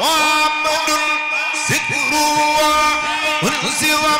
محمد ذكر وانزوا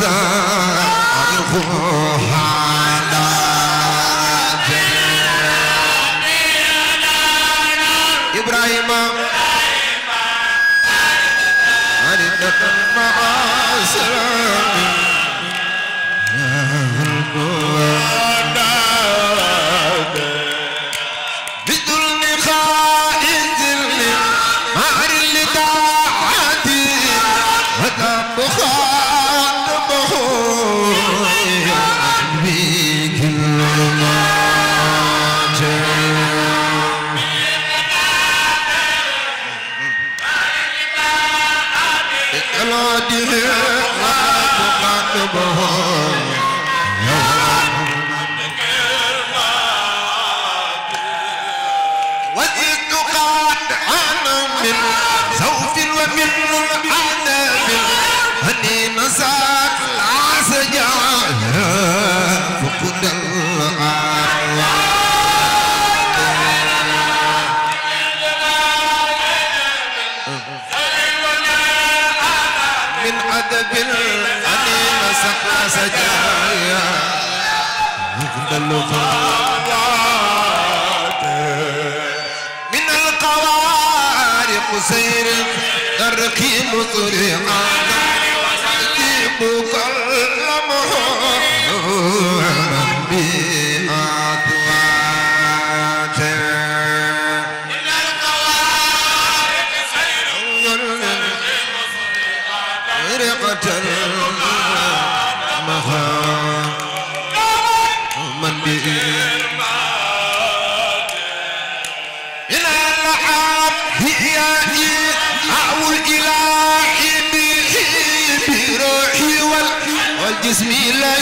زاهد السجايا عند الغابات من القوارق سير الرقي مطرقا يجيب كل مهور بسم الله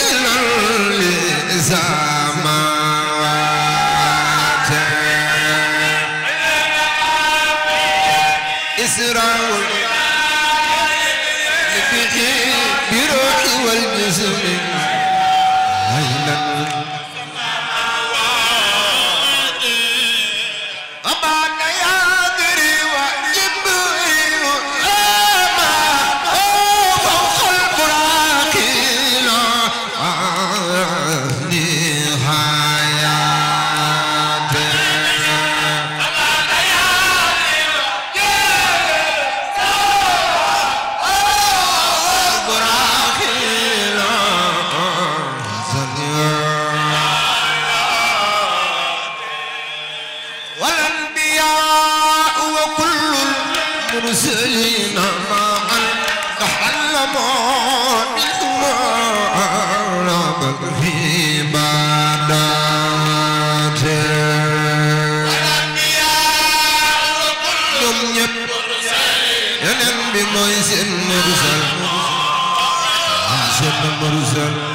المرسلين معا تحلموا منهما رغبا في باداته ينم بميس المرسل عاشق المرسل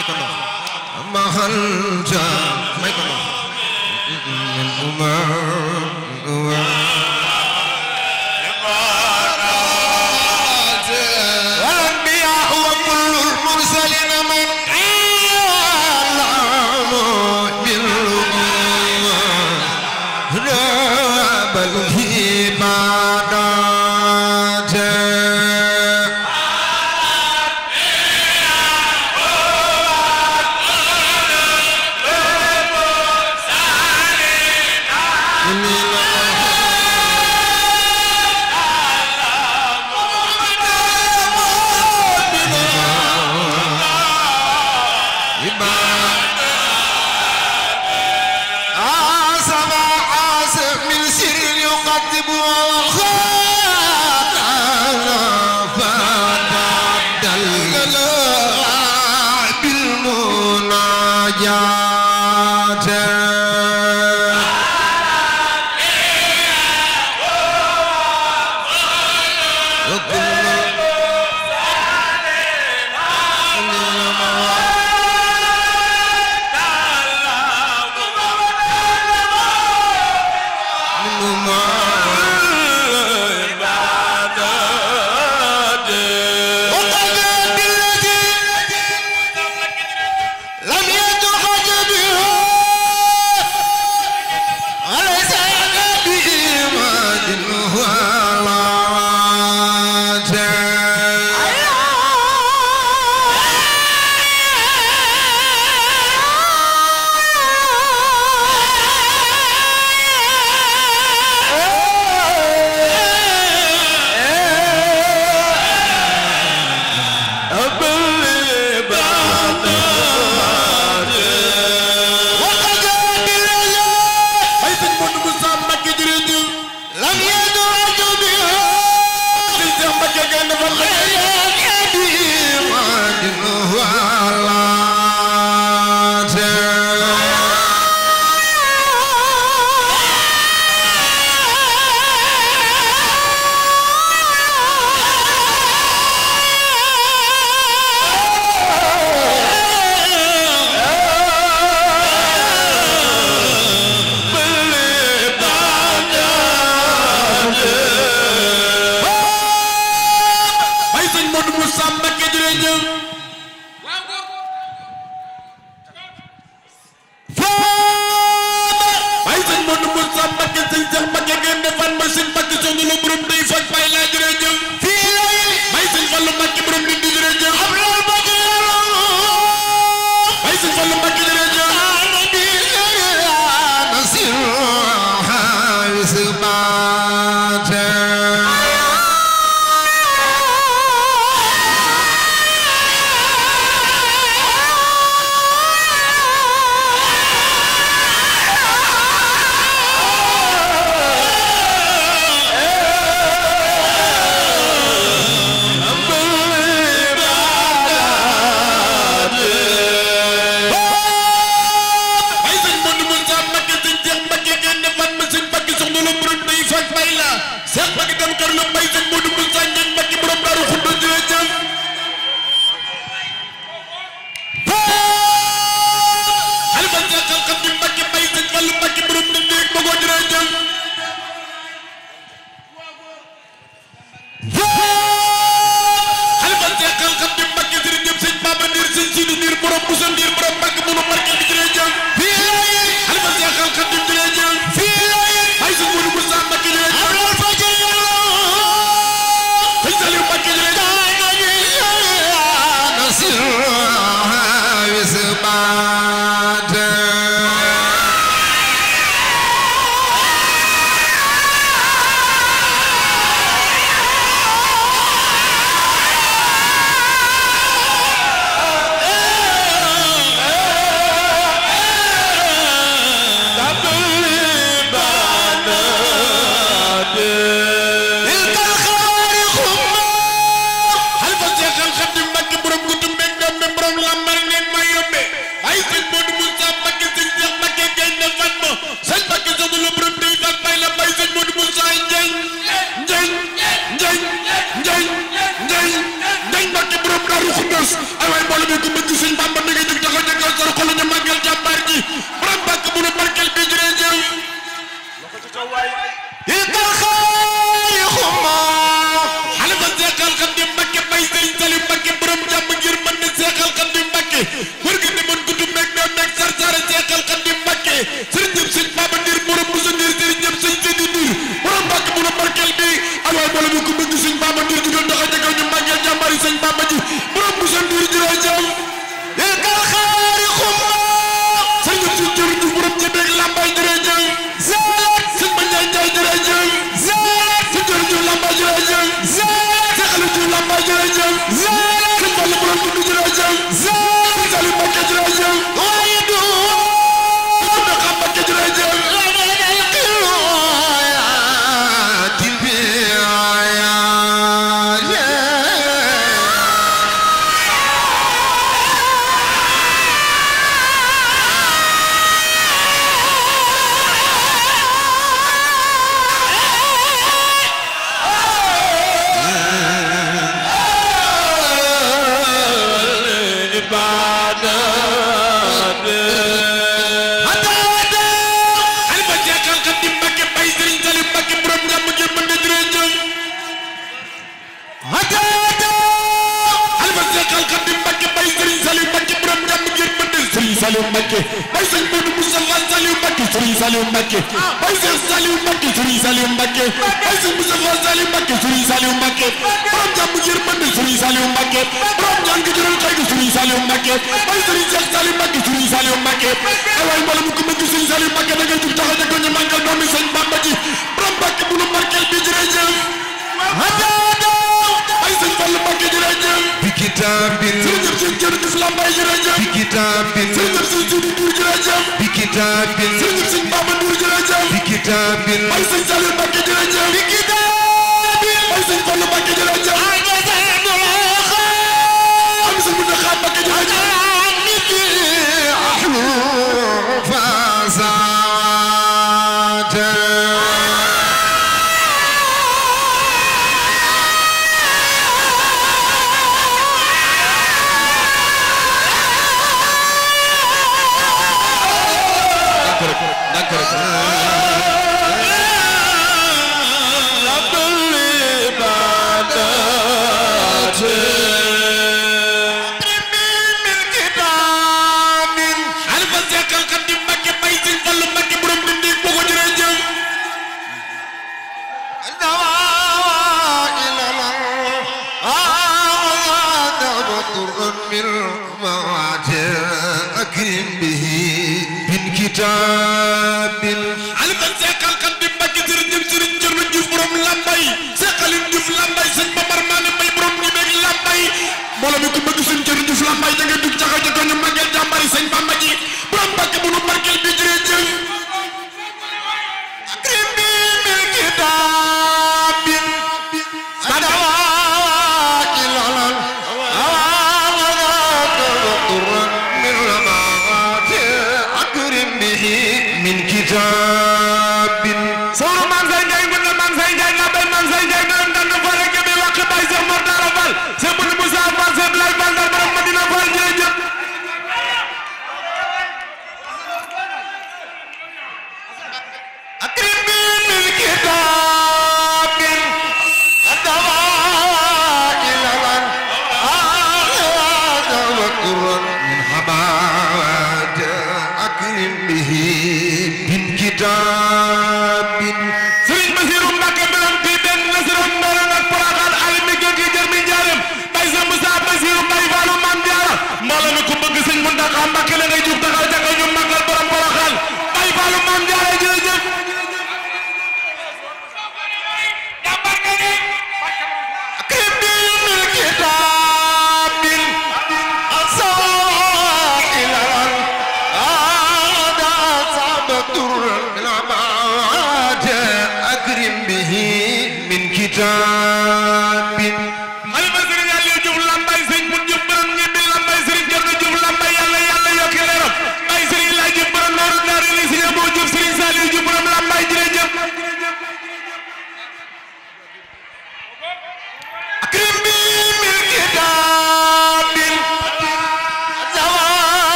may ko ndox mahal ja may ko ndox No! borom jàmm yërmande Serigne Saliou Mbacké borom ñaan gi jural xëy gi Serigne Saliou Mbacké bay Serigne Cheikh Saliou Mbacké Serigne Saliou Mbacké ay waay mbala mu ko bëgg Serigne Saliou Mbacké da ngay jug taxaw ja ko ñu màggal doomi Sëñ Bamba ji borom Mbacké bu nu markel bi jërëjëf hadada ay Sëñ Fall Mbacké jërëjëf bi kitaabin jërëjëf ci jëru Islam bay jërëjëf bi kitaabin jërëjëf ci jëru Ndour jërëjëf bi kitaabin jërëjëf Sëñ Bamba Ndour jërëjëf bi kitaabin ay Sëñ Saliou Mbacké jërëjëf bi kitaabin bay sëñ Fallu Mbàkke jëlee jëf min kitaabin sawru man say njaay mën na man say njaay label man say njaay doon dand fa rek bi wàq bay Cheikh Mor Talla Fall Cheikh Boubacar Fall Cheikh Abdoulaye Fall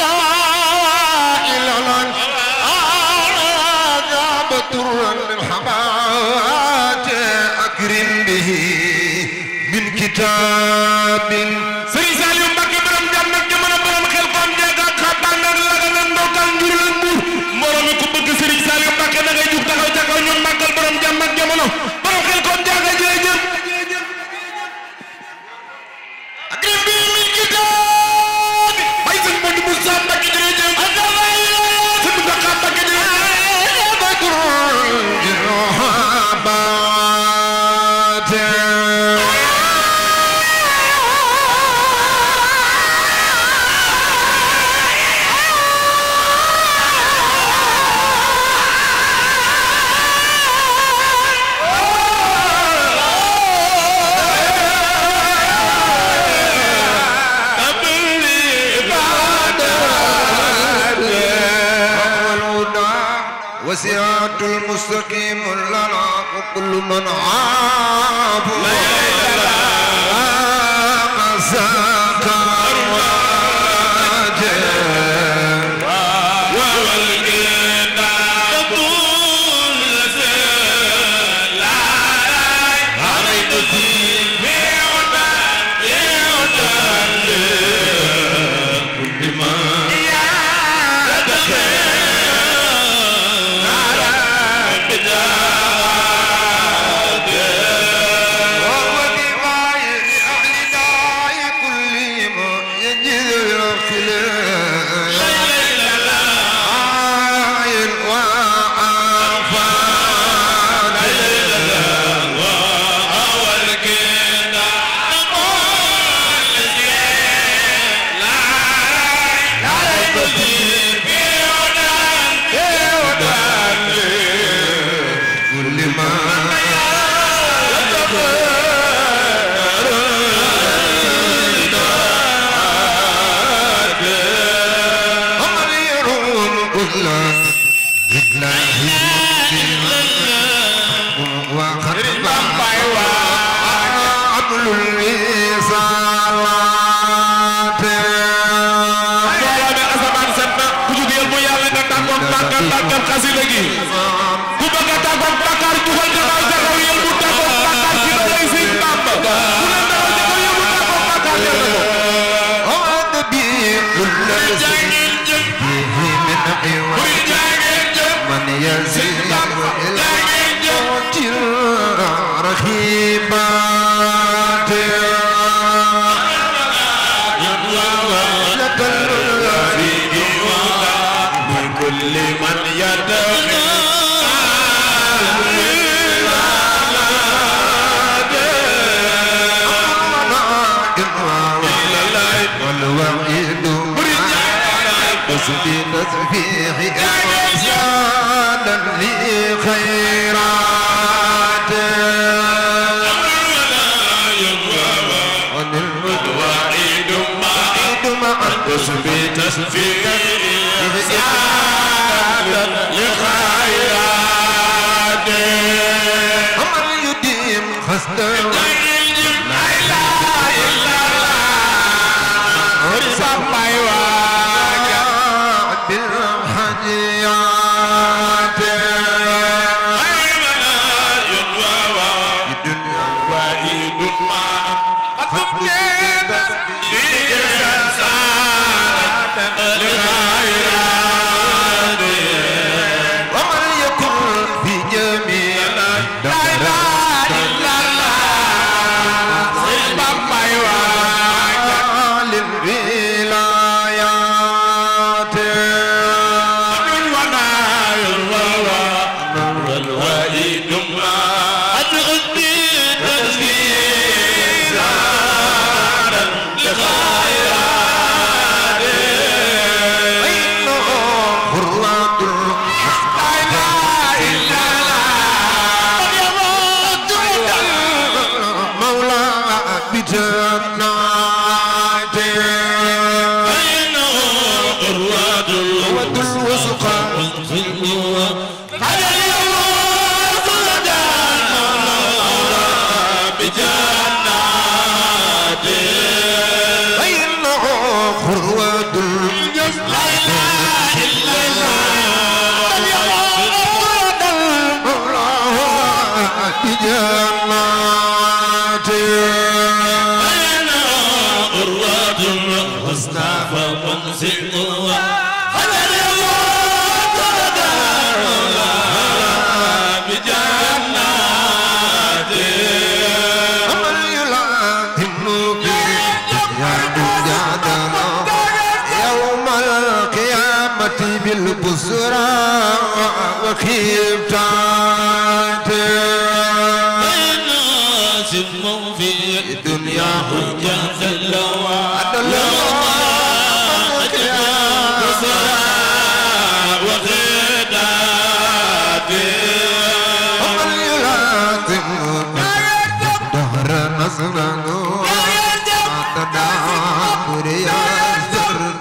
ta وسعت المستقيم لنا وكل من عاب لا إله إلا الله لمن des na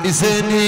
bi seeni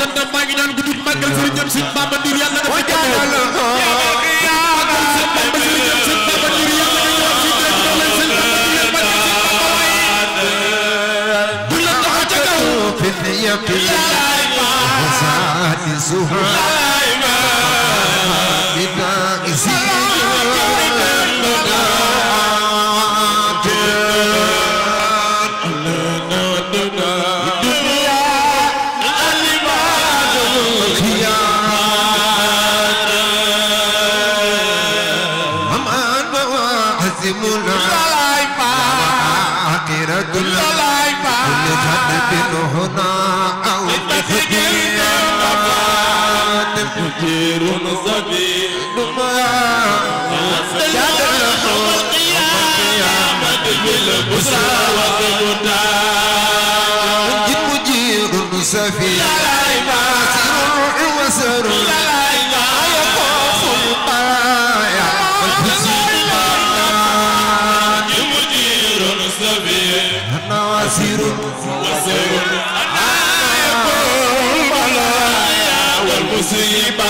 santam maa ngi ñaan guddug màggal sëriñ ñam sëriñ Bamba Ndir yàlla dafa ko Yeah. musiba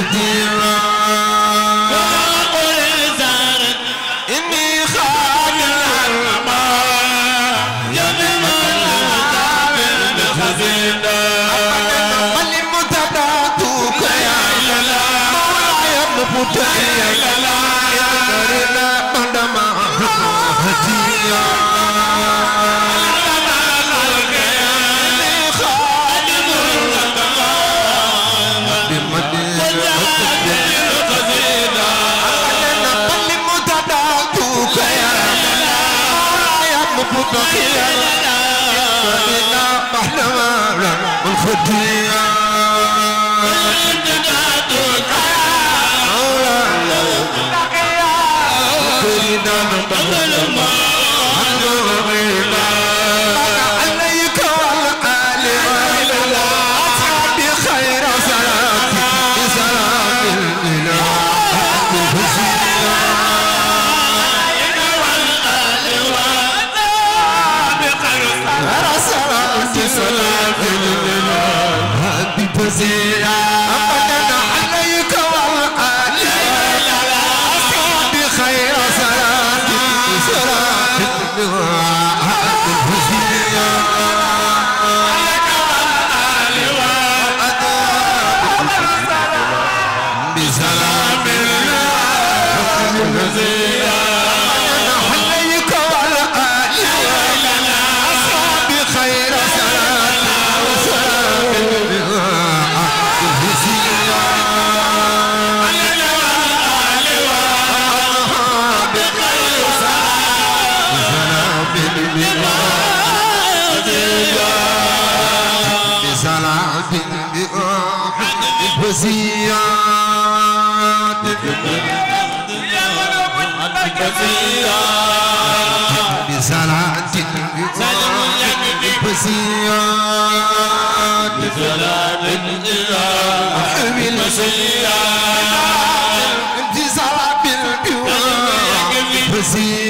dear البزيات بزلعة البزيات بزلعة البزيات بزلعة البزيات